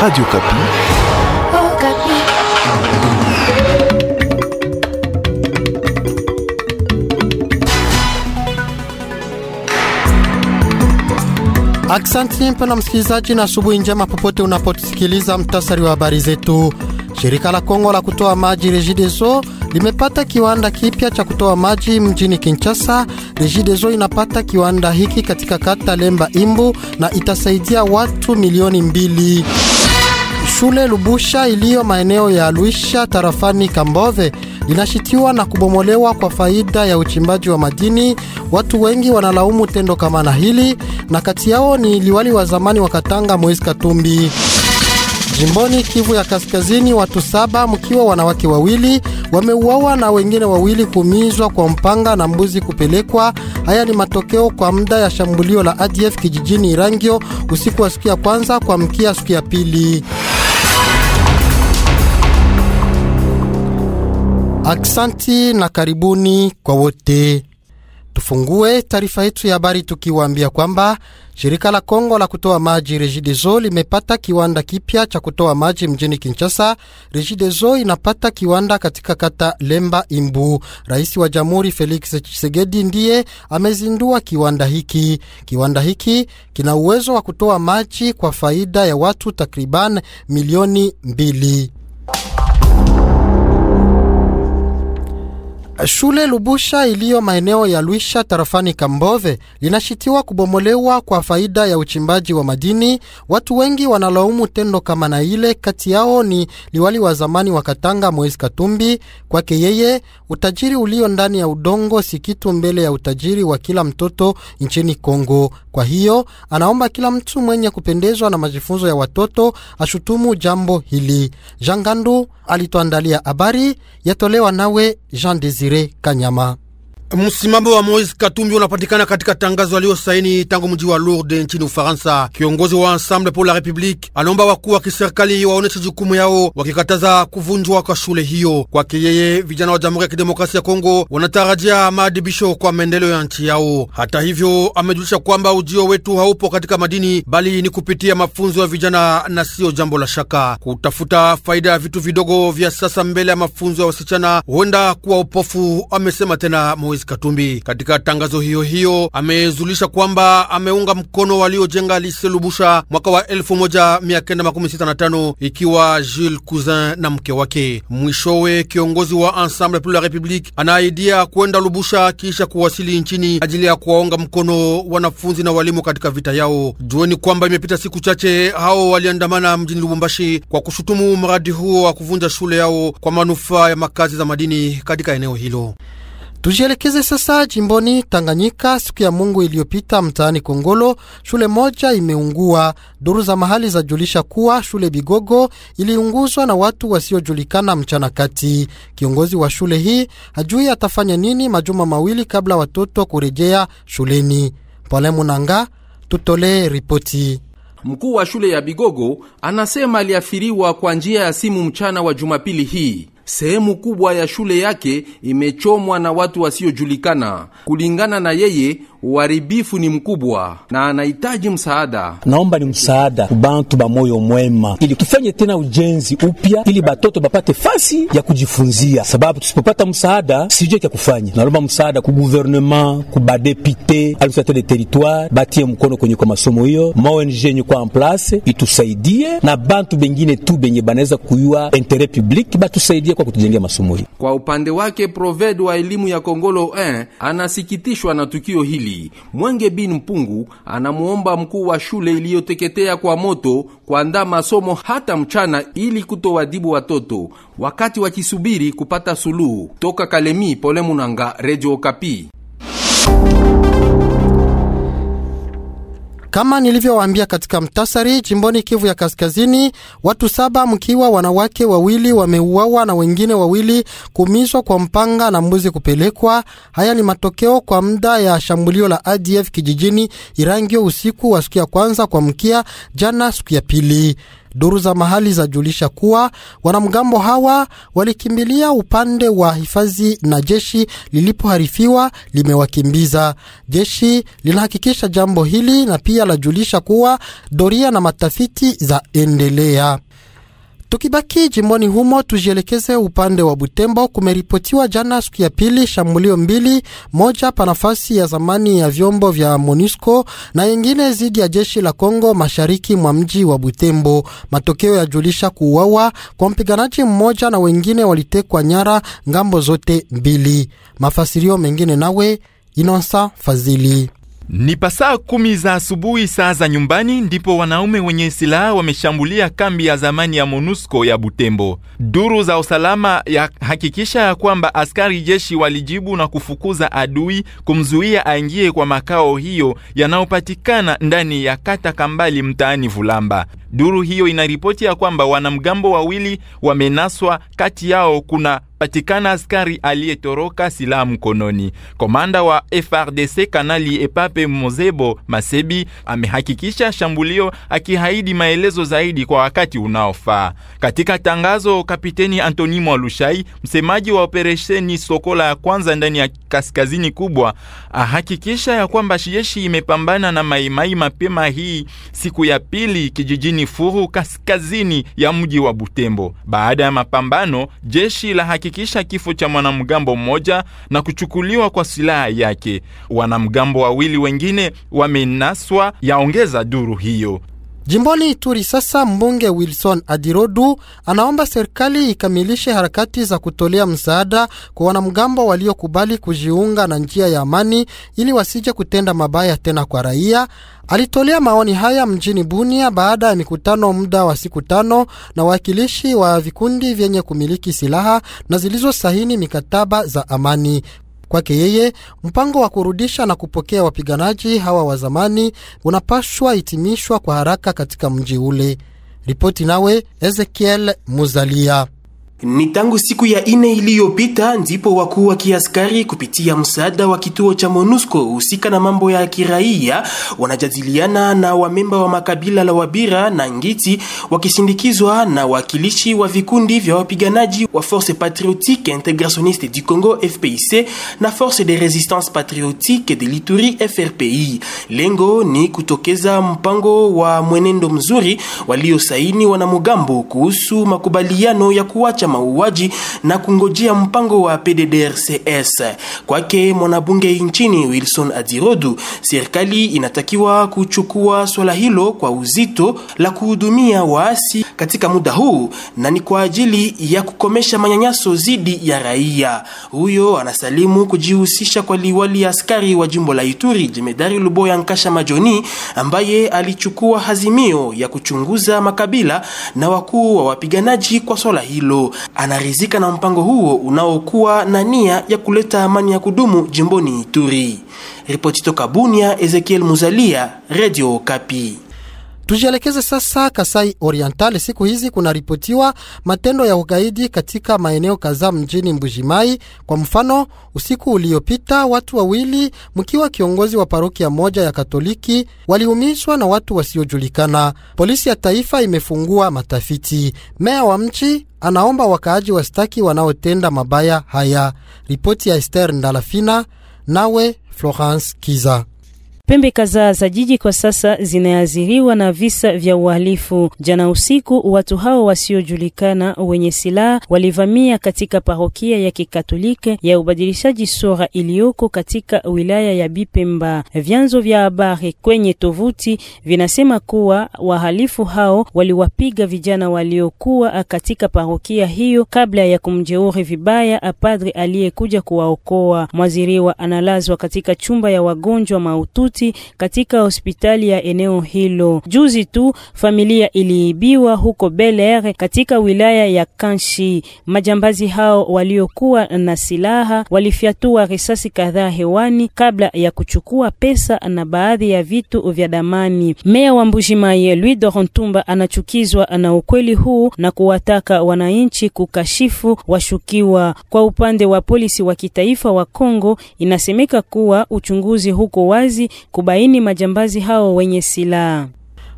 Radio Kapi. Oh, Kapi. Aksanti mpena msikilizaji, na asubuhi njema popote unapotusikiliza. Mtasari wa habari zetu. Shirika la Kongo la kutoa maji Regideso limepata kiwanda kipya cha kutoa maji mjini Kinshasa. Regideso inapata kiwanda hiki katika kata Lemba Imbu na itasaidia watu milioni mbili. Shule Lubusha iliyo maeneo ya Luisha tarafani Kambove inashitiwa na kubomolewa kwa faida ya uchimbaji wa madini. Watu wengi wanalaumu tendo kama na hili, na kati yao ni liwali wa zamani wa Katanga Moise Katumbi. Jimboni Kivu ya Kaskazini, watu saba mkiwa wanawake wawili wameuawa na wengine wawili kuumizwa kwa mpanga na mbuzi kupelekwa. Haya ni matokeo kwa muda ya shambulio la ADF kijijini Irangio usiku wa siku ya kwanza kwa mkia siku ya pili. Aksanti na karibuni kwa wote. Tufungue taarifa yetu ya habari tukiwaambia kwamba shirika la Kongo la kutoa maji Regideso limepata kiwanda kipya cha kutoa maji mjini Kinshasa. Regideso inapata kiwanda katika kata Lemba Imbu. Rais wa Jamhuri Felix Tshisekedi ndiye amezindua kiwanda hiki. Kiwanda hiki kina uwezo wa kutoa maji kwa faida ya watu takriban milioni mbili. Shule Lubusha iliyo maeneo ya Lwisha tarafani Kambove linashitiwa kubomolewa kwa faida ya uchimbaji wa madini. Watu wengi wanalaumu tendo kama na ile, kati yao ni liwali wa zamani wa Katanga Moise Katumbi. Kwake yeye, utajiri ulio ndani ya udongo si kitu mbele ya utajiri wa kila mtoto nchini Kongo. Kwa hiyo anaomba kila mtu mwenye kupendezwa na majifunzo ya watoto ashutumu jambo hili. Jangandu alituandalia habari, yatolewa nawe Jean Desire. Desire Kanyama. Msimamo wa Moise Katumbi unapatikana katika tangazo aliyosaini tangu mji wa Lourdes nchini Ufaransa. Kiongozi wa Ensemble pour la République anaomba wakuu wa kiserikali waoneshe jukumu yao, wakikataza kuvunjwa kwa shule hiyo. Kwake yeye, vijana wa Jamhuri ya Kidemokrasia ya Kongo wanatarajia maadibisho kwa maendeleo ya nchi yao. Hata hivyo, amejulisha kwamba ujio wetu haupo katika madini, bali ni kupitia mafunzo ya vijana, na siyo jambo la shaka kutafuta faida ya vitu vidogo vya sasa mbele ya mafunzo ya wasichana huenda kuwa upofu, amesema tena Moise Moise Katumbi. Katika tangazo hiyo hiyo amezulisha kwamba ameunga mkono waliojenga Lise Lubusha mwaka wa 1965 ikiwa Jules Cousin na mke wake. Mwishowe kiongozi wa Ensemble pour la République anaaidia kwenda Lubusha kisha kuwasili nchini ajili ya kuwaunga mkono wanafunzi na walimu katika vita yao. Jueni kwamba imepita siku chache hao waliandamana mjini Lubumbashi kwa kushutumu mradi huo wa kuvunja shule yao kwa manufaa ya makazi za madini katika eneo hilo. Tujielekeze sasa jimboni Tanganyika. Siku ya Mungu iliyopita mtaani Kongolo, shule moja imeungua. Duru za mahali zajulisha kuwa shule Bigogo iliunguzwa na watu wasiojulikana mchana kati. Kiongozi wa shule hii hajui atafanya nini majuma mawili kabla watoto kurejea shuleni. Pole Munanga, tutolee ripoti. Mkuu wa shule ya Bigogo anasema aliafiriwa kwa njia ya simu mchana wa Jumapili hii sehemu kubwa ya shule yake imechomwa na watu wasiojulikana. Kulingana na yeye, uharibifu ni mkubwa na anahitaji msaada. Naomba ni msaada kubantu ba moyo mwema, ili tufanye tena ujenzi upya, ili batoto bapate fasi ya kujifunzia, sababu tusipopata msaada sijue kya kufanya. Naomba msaada ku guvernema, ku badepute, administrateur de territoire batie mkono kwenye kwa masomo hiyo, ma ONG yenye kwa en place itusaidie, na bantu bengine tu benye banaweza kuyua intere public batusaidie kwa kutujengea masomo hiyo. Kwa upande wake, Proved wa elimu ya Kongolo 1 anasikitishwa na tukio hili pili, Mwenge bin Mpungu anamuomba mkuu wa shule iliyoteketea kwa moto kuandaa masomo hata mchana ili kutowadhibu watoto wakati wakisubiri kupata suluhu. Toka Kalemi, Pole Munanga, Radio Okapi. Kama nilivyowaambia katika mtasari, jimboni Kivu ya Kaskazini, watu saba mkiwa wanawake wawili wameuawa na wengine wawili kumizwa kwa mpanga na mbuzi kupelekwa. Haya ni matokeo kwa muda ya shambulio la ADF kijijini Irangio usiku wa siku ya kwanza kwa mkia jana, siku ya pili. Duru za mahali zajulisha kuwa wanamgambo hawa walikimbilia upande wa hifadhi na jeshi lilipoharifiwa limewakimbiza. Jeshi linahakikisha jambo hili na pia lajulisha kuwa doria na matafiti zaendelea. Tukibaki jimboni humo tujielekeze upande wa Butembo. Kumeripotiwa jana siku ya pili shambulio mbili, moja pa nafasi ya zamani ya vyombo vya MONUSCO na yengine dhidi ya jeshi la Kongo mashariki mwa mji wa Butembo. Matokeo yajulisha kuuawa kwa mpiganaji mmoja na wengine walitekwa nyara ngambo zote mbili. Mafasirio mengine nawe Inosa Fazili. Ni pasaa kumi za asubuhi saa za nyumbani ndipo wanaume wenye silaha wameshambulia kambi ya zamani ya MONUSCO ya Butembo. Duru za usalama ya hakikisha ya kwamba askari jeshi walijibu na kufukuza adui kumzuia aingie kwa makao hiyo yanayopatikana ndani ya kata Kambali mtaani Vulamba. Duru hiyo inaripoti ya kwamba wanamgambo wawili wamenaswa, kati yao kuna patikana askari aliyetoroka silaha mkononi. Komanda wa FRDC Kanali Epape Mozebo Masebi amehakikisha shambulio, akihaidi maelezo zaidi kwa wakati unaofaa. Katika tangazo, Kapiteni Antoni Mwalushai, msemaji wa operesheni Sokola ya kwanza ndani ya kaskazini kubwa, ahakikisha ya kwamba jeshi imepambana na maimai mapema hii siku ya pili kijijini mjini Furu, kaskazini ya mji wa Butembo. Baada ya mapambano, jeshi lahakikisha kifo cha mwanamgambo mmoja na kuchukuliwa kwa silaha yake. Wanamgambo wawili wengine wamenaswa, yaongeza duru hiyo. Jimboni Ituri sasa, mbunge Wilson Adirodu anaomba serikali ikamilishe harakati za kutolea msaada kwa wanamgambo waliokubali kujiunga na njia ya amani ili wasije kutenda mabaya tena kwa raia. Alitolea maoni haya mjini Bunia baada ya mikutano muda wa siku tano na wawakilishi wa vikundi vyenye kumiliki silaha na zilizosahini mikataba za amani. Kwake yeye, mpango wa kurudisha na kupokea wapiganaji hawa wa zamani unapashwa itimishwa kwa haraka katika mji ule. Ripoti nawe Ezekiel Muzalia. Ni tangu siku ya ine iliyopita ndipo wakuu wa kiaskari kupitia msaada wa kituo cha MONUSCO husika na mambo ya kiraia wanajadiliana na wamemba wa makabila la Wabira na Ngiti wakisindikizwa na wakilishi wa vikundi vya wapiganaji wa Force Patriotique Integrationniste du Congo FPIC na Force de Resistance Patriotique de Lituri FRPI. Lengo ni kutokeza mpango wa mwenendo mzuri waliosaini wanamugambo kuhusu makubaliano ya kuacha mauaji na kungojea mpango wa PDDRCS. Kwake mwanabunge nchini Wilson Adirodu, serikali inatakiwa kuchukua swala hilo kwa uzito la kuhudumia waasi katika muda huu na ni kwa ajili ya kukomesha manyanyaso dhidi ya raia. Huyo anasalimu kujihusisha kwa liwali askari wa jimbo la Ituri Jemedari Luboya Nkasha Majoni ambaye alichukua hazimio ya kuchunguza makabila na wakuu wa wapiganaji kwa swala hilo anarizika na mpango huo unaokuwa na nia ya kuleta amani ya kudumu jimboni Ituri. Ripoti toka Bunia, Ezekiel Muzalia, Radio Kapi. Tujielekeze sasa Kasai Oriental. Siku hizi kunaripotiwa matendo ya ugaidi katika maeneo kadhaa mjini Mbujimai. Kwa mfano, usiku uliopita watu wawili, mkiwa kiongozi wa parokia moja ya Katoliki, waliumizwa na watu wasiojulikana. Polisi ya taifa imefungua matafiti. Meya wa mji anaomba wakaaji wastaki wanaotenda mabaya haya. Ripoti ya Ester Ndalafina nawe Florence Kiza. Pembe kadhaa za jiji kwa sasa zinaathiriwa na visa vya uhalifu. Jana usiku, watu hao wasiojulikana wenye silaha walivamia katika parokia ya Kikatoliki ya ubadilishaji sura iliyoko katika wilaya ya Bipemba. Vyanzo vya habari kwenye tovuti vinasema kuwa wahalifu hao waliwapiga vijana waliokuwa katika parokia hiyo kabla ya kumjeuri vibaya padri aliyekuja kuwaokoa. mwaziriwa analazwa katika chumba ya wagonjwa mahututi mauti katika hospitali ya eneo hilo. Juzi tu familia iliibiwa huko Bel Air katika wilaya ya Kanshi. Majambazi hao waliokuwa na silaha walifyatua risasi kadhaa hewani kabla ya kuchukua pesa na baadhi ya vitu vya damani. Meya wa Mbujimaye Louis Dorontumba anachukizwa na ukweli huu na kuwataka wananchi kukashifu washukiwa. Kwa upande wa polisi wa kitaifa wa Kongo, inasemeka kuwa uchunguzi huko wazi kubaini majambazi hao wenye silaha.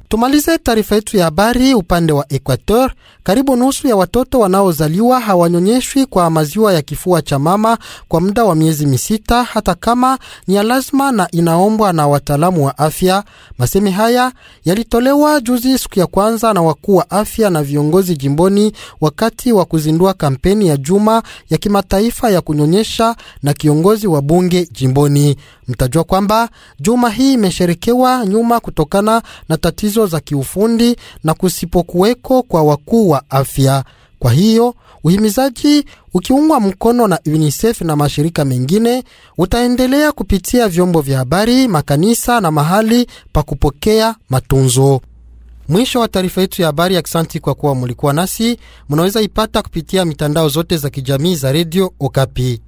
Tumalize taarifa yetu ya habari upande wa Equateur. Karibu nusu ya watoto wanaozaliwa hawanyonyeshwi kwa maziwa ya kifua cha mama kwa muda wa miezi misita, hata kama ni ya lazima na inaombwa na wataalamu wa afya. Masemi haya yalitolewa juzi, siku ya kwanza, na wakuu wa afya na viongozi jimboni wakati wa kuzindua kampeni ya juma ya kimataifa ya kunyonyesha na kiongozi wa bunge jimboni. Mtajua kwamba juma hii imesherekewa nyuma kutokana na tatizo za kiufundi na kusipokuweko kwa wakuu wa afya. Kwa hiyo uhimizaji ukiungwa mkono na UNICEF na mashirika mengine utaendelea kupitia vyombo vya habari, makanisa na mahali pa kupokea matunzo. Mwisho wa taarifa yetu ya habari. Aksanti kwa kuwa mulikuwa nasi. Munaweza ipata kupitia mitandao zote za kijamii za redio Okapi.